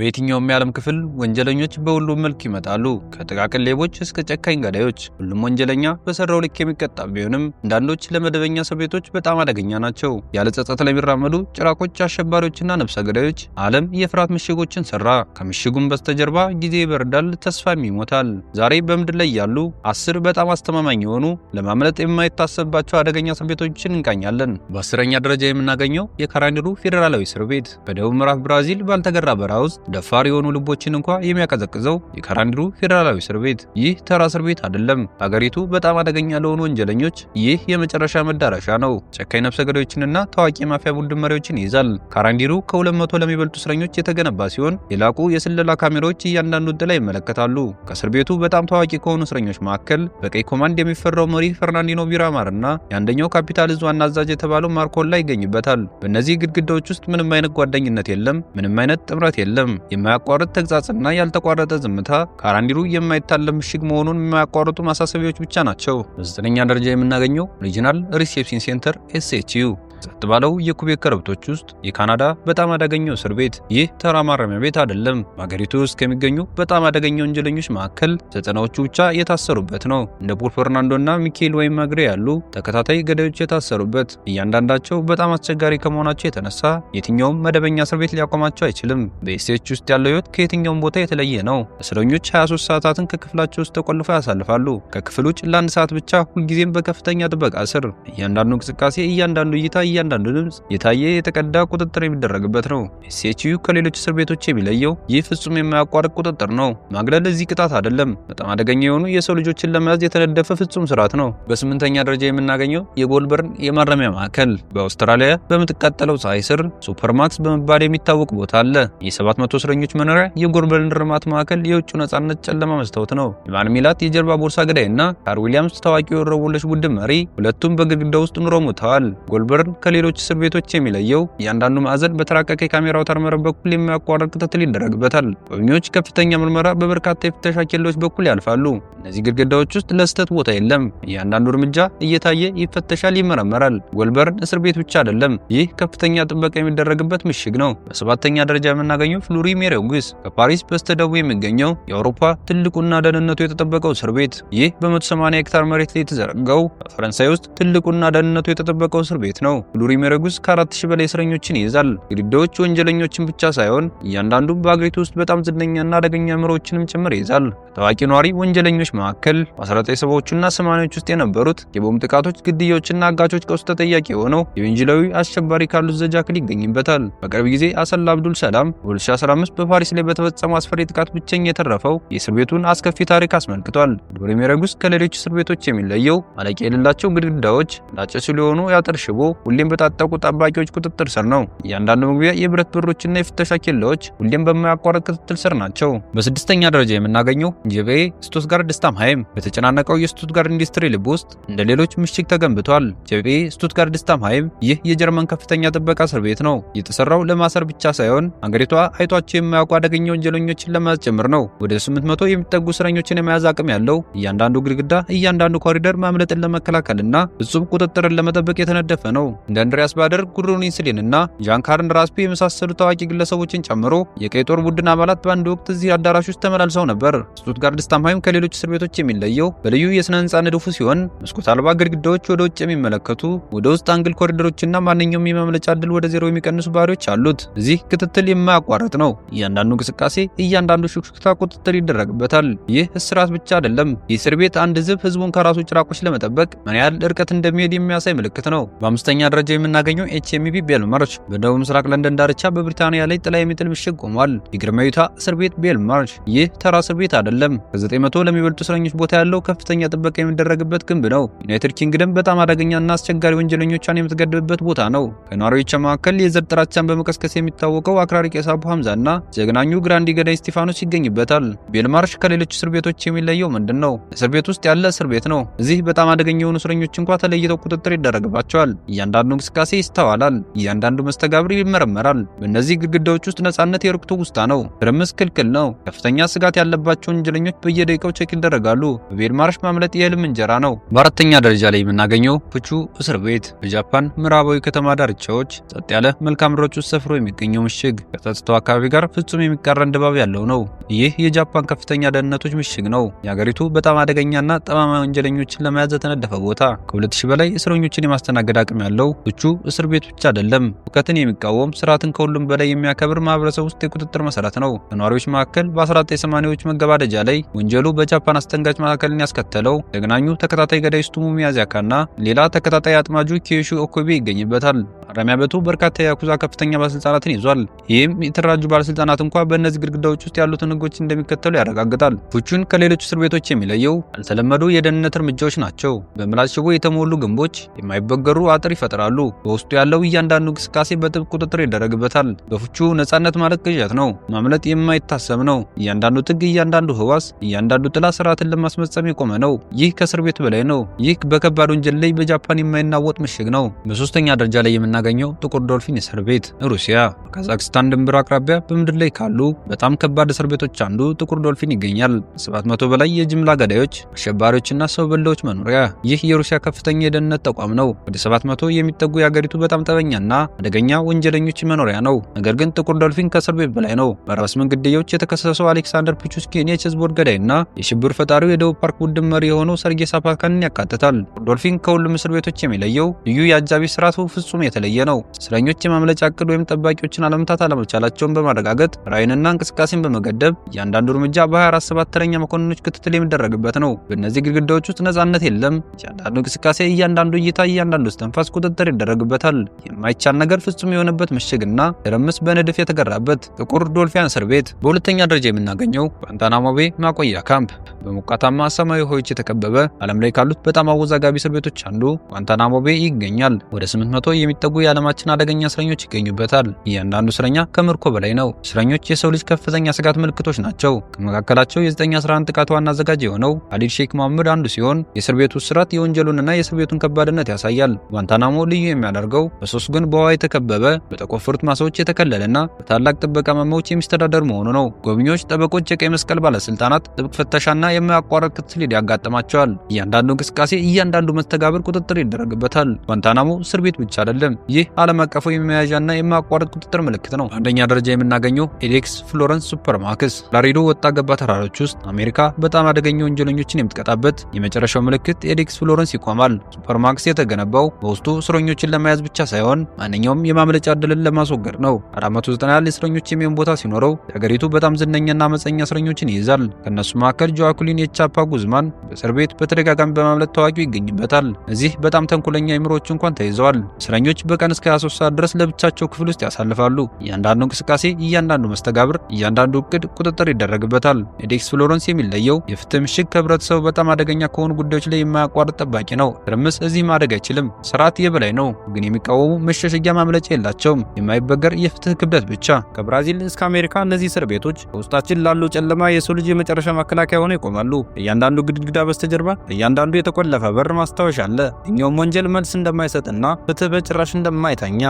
በየትኛውም የዓለም ክፍል ወንጀለኞች በሁሉም መልክ ይመጣሉ፣ ከጥቃቅን ሌቦች እስከ ጨካኝ ገዳዮች። ሁሉም ወንጀለኛ በሰራው ልክ የሚቀጣ ቢሆንም አንዳንዶች ለመደበኛ ሰው ቤቶች በጣም አደገኛ ናቸው። ያለ ጸጸት ለሚራመዱ ጭራቆች፣ አሸባሪዎችና ነፍሰ ገዳዮች ዓለም የፍርሃት ምሽጎችን ሰራ። ከምሽጉም በስተጀርባ ጊዜ ይበርዳል፣ ተስፋም ይሞታል። ዛሬ በምድር ላይ ያሉ አስር በጣም አስተማማኝ የሆኑ ለማምለጥ የማይታሰብባቸው አደገኛ እስር ቤቶችን እንቃኛለን። በአስረኛ ደረጃ የምናገኘው የካራኒሩ ፌዴራላዊ እስር ቤት በደቡብ ምዕራብ ብራዚል ባልተገራ በረሃ ውስጥ ደፋር የሆኑ ልቦችን እንኳ የሚያቀዘቅዘው የካራንድሩ ፌዴራላዊ እስር ቤት። ይህ ተራ እስር ቤት አይደለም። አገሪቱ በጣም አደገኛ ለሆኑ ወንጀለኞች ይህ የመጨረሻ መዳረሻ ነው። ጨካኝ ነፍሰ ገዳዮችንና ታዋቂ የማፊያ ቡድን መሪዎችን ይይዛል። ካራንዲሩ ከ200 ለሚበልጡ እስረኞች የተገነባ ሲሆን የላቁ የስለላ ካሜራዎች እያንዳንዱ እድ ላይ ይመለከታሉ። ከእስር ቤቱ በጣም ታዋቂ ከሆኑ እስረኞች መካከል በቀይ ኮማንድ የሚፈራው መሪ ፈርናንዲኖ ቢራማር እና የአንደኛው ካፒታል እዝ ዋና አዛዥ የተባለው ማርኮላ ይገኝበታል። በእነዚህ ግድግዳዎች ውስጥ ምንም አይነት ጓደኝነት የለም። ምንም አይነት ጥምረት የለም። አይደለም። የማያቋርጥ ተግጻጽና ያልተቋረጠ ዝምታ ካራንዲሩ የማይታለም ምሽግ መሆኑን የማያቋርጡ ማሳሰቢያዎች ብቻ ናቸው። በዘጠነኛ ደረጃ የምናገኘው ሪጂናል ሪሴፕሽን ሴንተር ኤስኤችዩ ጸጥ ባለው የኩቤክ ከረብቶች ውስጥ የካናዳ በጣም አደገኛው እስር ቤት ይህ ተራ ማረሚያ ቤት አይደለም። አገሪቱ ውስጥ ከሚገኙ በጣም አደገኛ ወንጀለኞች መካከል ዘጠናዎቹ ብቻ የታሰሩበት ነው። እንደ ፖል እና ሚካኤል ወይም ማግሬ ያሉ ተከታታይ ገዳዮች የታሰሩበት፣ እያንዳንዳቸው በጣም አስቸጋሪ ከመሆናቸው የተነሳ የትኛውም መደበኛ እስር ቤት ሊያቆማቸው አይችልም። በኤስቴች ውስጥ ያለው ህይወት ከየትኛውም ቦታ የተለየ ነው። እስረኞች 23 ሰዓታትን ከክፍላቸው ውስጥ ተቆልፈው ያሳልፋሉ። ከክፍል ውጭ ለአንድ ሰዓት ብቻ፣ ሁልጊዜም በከፍተኛ ጥበቃ ስር። እያንዳንዱ እንቅስቃሴ፣ እያንዳንዱ እይታ እያንዳንዱ ድምፅ የታየ የተቀዳ ቁጥጥር የሚደረግበት ነው። ኤስኤችዩ ከሌሎች እስር ቤቶች የሚለየው ይህ ፍጹም የማያቋርጥ ቁጥጥር ነው። ማግለል እዚህ ቅጣት አይደለም፣ በጣም አደገኛ የሆኑ የሰው ልጆችን ለመያዝ የተነደፈ ፍጹም ስርዓት ነው። በስምንተኛ ደረጃ የምናገኘው የጎልበርን የማረሚያ ማዕከል በአውስትራሊያ በምትቃጠለው ፀሐይ ስር ሱፐርማክስ በመባል የሚታወቅ ቦታ አለ። የ700 እስረኞች መኖሪያ የጎልበርን እርማት ማዕከል የውጭ ነጻነት ጨለማ መስታወት ነው። ኢማን ሚላት የጀርባ ቦርሳ ገዳይ እና ካር ዊሊያምስ ታዋቂ የወረወለሽ ቡድን መሪ ሁለቱም በግድግዳ ውስጥ ኑሮ ሞተዋል። ጎልበርን ከሌሎች እስር ቤቶች የሚለየው እያንዳንዱ ማዕዘን በተራቀቀ የካሜራ አውታር በኩል የሚያቋርጥ ክትትል ይደረግበታል። ጎብኚዎች ከፍተኛ ምርመራ በበርካታ የፍተሻ ኬላዎች በኩል ያልፋሉ። እነዚህ ግድግዳዎች ውስጥ ለስተት ቦታ የለም። እያንዳንዱ እርምጃ እየታየ ይፈተሻል፣ ይመረመራል። ጎልበርን እስር ቤት ብቻ አይደለም፣ ይህ ከፍተኛ ጥበቃ የሚደረግበት ምሽግ ነው። በሰባተኛ ደረጃ የምናገኘው ፍሉሪ ሜሬጉስ ከፓሪስ በስተደቡብ የሚገኘው የአውሮፓ ትልቁና ደህንነቱ የተጠበቀው እስር ቤት። ይህ በ180 ሄክታር መሬት ላይ የተዘረጋው በፈረንሳይ ውስጥ ትልቁና ደህንነቱ የተጠበቀው እስር ቤት ነው። ሉሪ መረጉዝ ከአራት ሺህ በላይ እስረኞችን ይይዛል። ግድግዳዎች ወንጀለኞችን ብቻ ሳይሆን እያንዳንዱ በአገሪቱ ውስጥ በጣም ዝነኛና አደገኛ ምሮችንም ጭምር ይይዛል። ታዋቂ ነዋሪ ወንጀለኞች መካከል በ1970ዎቹና 80 ውስጥ የነበሩት የቦምብ ጥቃቶች፣ ግድያዎችና አጋቾች ቀውስ ተጠያቂ የሆነው የቬንዙዌላዊ አሸባሪ ካርሎስ ዘጃክል ይገኝበታል። በቅርብ ጊዜ አሰላ አብዱል ሰላም በ2015 በፓሪስ ላይ በተፈጸመው አስፈሪ ጥቃት ብቸኛ የተረፈው የእስር ቤቱን አስከፊ ታሪክ አስመልክቷል። ሉሪ ሜረጉዝ ከሌሎች እስር ቤቶች የሚለየው ማለቂያ የሌላቸው ግድግዳዎች፣ ላጨሱ ሊሆኑ የአጥር ሽቦ ሁሌም በታጠቁ ጠባቂዎች ቁጥጥር ስር ነው። እያንዳንዱ መግቢያ የብረት በሮችና የፍተሻ ኬላዎች ሁሌም በማያቋረጥ ክትትል ስር ናቸው። በስድስተኛ ደረጃ የምናገኘው ጄቤ ስቱትጋርድ ስታምሃይም በተጨናነቀው የስቱትጋርድ ኢንዱስትሪ ልብ ውስጥ እንደ ሌሎች ምሽግ ተገንብቷል። ጄቤ ስቱትጋርድ ስታምሃይም ይህ የጀርመን ከፍተኛ ጥበቃ እስር ቤት ነው። የተሰራው ለማሰር ብቻ ሳይሆን አገሪቷ አይቷቸው የማያውቁ አደገኛ ወንጀለኞችን ለመያዝ ጭምር ነው። ወደ 800 የሚጠጉ እስረኞችን የመያዝ አቅም ያለው እያንዳንዱ ግድግዳ፣ እያንዳንዱ ኮሪደር ማምለጥን ለመከላከልና ፍጹም ቁጥጥርን ለመጠበቅ የተነደፈ ነው። እንደ አንድሪያስ ባደር ጉድሩን ስሊን እና ዣንካርን ራስፒ የመሳሰሉ ታዋቂ ግለሰቦችን ጨምሮ የቀይ ጦር ቡድን አባላት በአንድ ወቅት እዚህ አዳራሽ ውስጥ ተመላልሰው ነበር። ስቱትጋርድ ስታምሃይም ከሌሎች እስር ቤቶች የሚለየው በልዩ የስነ ህንፃ ንድፉ ሲሆን መስኮት አልባ ግድግዳዎች ወደ ውጭ የሚመለከቱ ወደ ውስጥ አንግል ኮሪደሮችና ማንኛውም የማምለጫ እድል ወደ ዜሮ የሚቀንሱ ባህሪዎች አሉት። እዚህ ክትትል የማያቋርጥ ነው። እያንዳንዱ እንቅስቃሴ፣ እያንዳንዱ ሹክሹክታ ቁጥጥር ይደረግበታል። ይህ እስራት ብቻ አይደለም። የእስር ቤት አንድ ዝብ ህዝቡን ከራሱ ጭራቆች ለመጠበቅ ምን ያህል እርቀት እንደሚሄድ የሚያሳይ ምልክት ነው። በአምስተኛ መረጃ የምናገኘው ኤችኤምቢ ቤልማርች በደቡብ ምስራቅ ለንደን ዳርቻ በብሪታንያ ላይ ጥላ የሚጥል ምሽግ ቆሟል። የግርማዊቷ እስር ቤት ቤልማርች ይህ ተራ እስር ቤት አይደለም። ከ900 ለሚበልጡ እስረኞች ቦታ ያለው ከፍተኛ ጥበቃ የሚደረግበት ግንብ ነው። ዩናይትድ ኪንግደም በጣም አደገኛ ና አስቸጋሪ ወንጀለኞቿን የምትገድብበት ቦታ ነው። ከነዋሪዎቿ መካከል የዘር ጥራቻን በመቀስቀስ የሚታወቀው አክራሪ ቄስ አቡ እና ዘግናኙ ግራንዲ ገዳይ እስጢፋኖስ ይገኝበታል። ቤልማርሽ ከሌሎች እስር ቤቶች የሚለየው ምንድን ነው? እስር ቤት ውስጥ ያለ እስር ቤት ነው። እዚህ በጣም አደገኛ የሆኑ እስረኞች እንኳ ተለይተው ቁጥጥር ይደረግባቸዋል። እያንዳንዱ እያንዳንዱ እንቅስቃሴ ይስተዋላል፣ እያንዳንዱ መስተጋብር ይመረመራል። በእነዚህ ግድግዳዎች ውስጥ ነጻነት የሩቅ ትውስታ ነው፣ ትርምስ ክልክል ነው። ከፍተኛ ስጋት ያለባቸውን ወንጀለኞች በየደቂቃው ቼክ ይደረጋሉ። ማርሽ ማምለጥ የህልም እንጀራ ነው። በአራተኛ ደረጃ ላይ የምናገኘው ፉቹ እስር ቤት በጃፓን ምዕራባዊ ከተማ ዳርቻዎች ጸጥ ያለ መልክዓ ምድሮች ውስጥ ሰፍሮ የሚገኘው ምሽግ ከጸጥታው አካባቢ ጋር ፍጹም የሚቃረን ድባብ ያለው ነው። ይህ የጃፓን ከፍተኛ ደህንነቶች ምሽግ ነው፣ የአገሪቱ በጣም አደገኛና ጠማማ ወንጀለኞችን ለመያዝ የተነደፈ ቦታ። ከ2000 በላይ እስረኞችን የማስተናገድ አቅም ያለው ፍቹ እስር ቤት ብቻ አይደለም። እውቀትን የሚቃወም ስርዓትን ከሁሉም በላይ የሚያከብር ማህበረሰብ ውስጥ የቁጥጥር መሰረት ነው። በነዋሪዎች መካከል በ1980ዎች መገባደጃ ላይ ወንጀሉ በጃፓን አስደንጋጭ መካከልን ያስከተለው ተገናኙ ተከታታይ ገዳይ ሱቶሙ ያካና ሌላ ተከታታይ አጥማጁ ኪዮሹ ኦኮቤ ይገኝበታል። ማረሚያ ቤቱ በርካታ ያኩዛ ከፍተኛ ባለስልጣናትን ይዟል። ይህም የተደራጁ ባለስልጣናት እንኳ በእነዚህ ግድግዳዎች ውስጥ ያሉትን ህጎች እንደሚከተሉ ያረጋግጣል። ፉቹን ከሌሎች እስር ቤቶች የሚለየው ያልተለመዱ የደህንነት እርምጃዎች ናቸው። በምላስ ሽቦ የተሞሉ ግንቦች የማይበገሩ አጥር ይፈጥራል። ይሰራሉ። በውስጡ ያለው እያንዳንዱ እንቅስቃሴ በጥብቅ ቁጥጥር ይደረግበታል። በፍቹ ነጻነት ማለት ቅዠት ነው። ማምለጥ የማይታሰብ ነው። እያንዳንዱ ጥግ፣ እያንዳንዱ ህዋስ፣ እያንዳንዱ ጥላ ስርዓትን ለማስፈጸም የቆመ ነው። ይህ ከእስር ቤት በላይ ነው። ይህ በከባድ ወንጀል ላይ በጃፓን የማይናወጥ ምሽግ ነው። በሶስተኛ ደረጃ ላይ የምናገኘው ጥቁር ዶልፊን እስር ቤት ሩሲያ። ካዛክስታን ድንበር አቅራቢያ በምድር ላይ ካሉ በጣም ከባድ እስር ቤቶች አንዱ ጥቁር ዶልፊን ይገኛል። 700 መቶ በላይ የጅምላ ገዳዮች፣ አሸባሪዎችና ሰው በላዎች መኖሪያ። ይህ የሩሲያ ከፍተኛ የደህንነት ተቋም ነው። ወደ 700 የሚ የሚጠጉ የአገሪቱ በጣም ጠበኛና አደገኛ ወንጀለኞች መኖሪያ ነው። ነገር ግን ጥቁር ዶልፊን ከእስር ቤት በላይ ነው። በራስምን ግድያዎች የተከሰሰው አሌክሳንደር ፒቹስኪን የቼዝ ቦርድ ገዳይና የሽብር ፈጣሪው የደቡብ ፓርክ ቡድን መሪ የሆነው ሰርጌ ሳፓካንን ያካትታል። ዶልፊን ከሁሉም እስር ቤቶች የሚለየው ልዩ የአጃቢ ስርዓቱ ፍጹም የተለየ ነው። እስረኞች የማምለጫ እቅድ ወይም ጠባቂዎችን አለመምታት አለመቻላቸውን በማረጋገጥ ራዕይንና እንቅስቃሴን በመገደብ እያንዳንዱ እርምጃ በ ሰባት ተረኛ መኮንኖች ክትትል የሚደረግበት ነው። በእነዚህ ግድግዳዎች ውስጥ ነጻነት የለም። እያንዳንዱ እንቅስቃሴ፣ እያንዳንዱ እይታ፣ እያንዳንዱ እስትንፋስ ቁጥጥር ቁጥጥር ይደረግበታል። የማይቻል ነገር ፍጹም የሆነበት ምሽግና ትርምስ በንድፍ የተገራበት ጥቁር ዶልፊያን እስር ቤት፣ በሁለተኛ ደረጃ የምናገኘው ጓንታናሞ ቤ ማቆያ ካምፕ። በሞቃታማ ሰማያዊ ውሃዎች የተከበበ ዓለም ላይ ካሉት በጣም አወዛጋቢ እስር ቤቶች አንዱ ጓንታናሞ ቤ ይገኛል። ወደ 800 የሚጠጉ የዓለማችን አደገኛ እስረኞች ይገኙበታል። እያንዳንዱ እስረኛ ከምርኮ በላይ ነው። እስረኞች የሰው ልጅ ከፍተኛ ስጋት ምልክቶች ናቸው። ከመካከላቸው የ911 ጥቃት ዋና አዘጋጅ የሆነው አሊድ ሼክ መሐመድ አንዱ ሲሆን የእስር ቤቱ ስርዓት የወንጀሉንና የእስር ቤቱን ከባድነት ያሳያል። ጓንታናሞ ልዩ የሚያደርገው በሶስት ጎን በውሃ የተከበበ በተቆፈሩት ማሳዎች የተከለለና በታላቅ ጥበቃ መመዎች የሚስተዳደር መሆኑ ነው። ጎብኚዎች፣ ጠበቆች፣ የቀይ መስቀል ባለስልጣናት ጥብቅ ፍተሻና የማያቋረጥ ክትትል ያጋጥማቸዋል። እያንዳንዱ እንቅስቃሴ፣ እያንዳንዱ መስተጋብር ቁጥጥር ይደረግበታል። ጓንታናሞ እስር ቤት ብቻ አይደለም። ይህ ዓለም አቀፉ የመያዣና የማያቋረጥ ቁጥጥር ምልክት ነው። አንደኛ ደረጃ የምናገኘው ኤሌክስ ፍሎረንስ ሱፐርማክስ ላሬዶ ወጣ ገባ ተራሮች ውስጥ አሜሪካ በጣም አደገኛ ወንጀለኞችን የምትቀጣበት የመጨረሻው ምልክት ኤሌክስ ፍሎረንስ ይቆማል። ሱፐርማክስ የተገነባው በውስጡ እስረኞችን ለመያዝ ብቻ ሳይሆን ማንኛውም የማምለጫ እድልን ለማስወገድ ነው። 490 እስረኞች የሚሆን ቦታ ሲኖረው የሀገሪቱ በጣም ዝነኛና አመፀኛ እስረኞችን ይይዛል። ከእነሱ መካከል ጆዋኩሊን የቻፓ ጉዝማን በእስር ቤት በተደጋጋሚ በማምለጥ ታዋቂው ይገኝበታል። እዚህ በጣም ተንኮለኛ አይምሮዎች እንኳን ተይዘዋል። እስረኞች በቀን እስከ 23 ሰዓት ድረስ ለብቻቸው ክፍል ውስጥ ያሳልፋሉ። እያንዳንዱ እንቅስቃሴ፣ እያንዳንዱ መስተጋብር፣ እያንዳንዱ እቅድ ቁጥጥር ይደረግበታል። ኤዴክስ ፍሎረንስ የሚለየው የፍትህ ምሽግ ከህብረተሰቡ በጣም አደገኛ ከሆኑ ጉዳዮች ላይ የማያቋርጥ ጠባቂ ነው። ትርምስ እዚህ ማደግ አይችልም። ስርዓት የበላይ በላይ ነው። ግን የሚቃወሙ መሸሸጊያ ማምለጫ የላቸውም፣ የማይበገር የፍትህ ክብደት ብቻ። ከብራዚል እስከ አሜሪካ እነዚህ እስር ቤቶች በውስጣችን ላለው ጨለማ የሰው ልጅ የመጨረሻ መከላከያ ሆነው ይቆማሉ። እያንዳንዱ ግድግዳ በስተጀርባ፣ እያንዳንዱ የተቆለፈ በር ማስታወሻ አለ። እኛውም ወንጀል መልስ እንደማይሰጥና ፍትህ በጭራሽ እንደማይተኛ